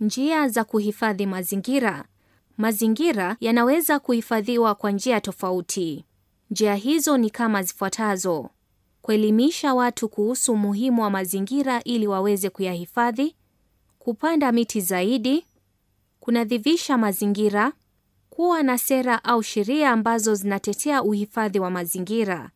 Njia za kuhifadhi mazingira. Mazingira yanaweza kuhifadhiwa kwa njia tofauti. Njia hizo ni kama zifuatazo: kuelimisha watu kuhusu umuhimu wa mazingira ili waweze kuyahifadhi, kupanda miti zaidi, kunadhivisha mazingira, kuwa na sera au sheria ambazo zinatetea uhifadhi wa mazingira.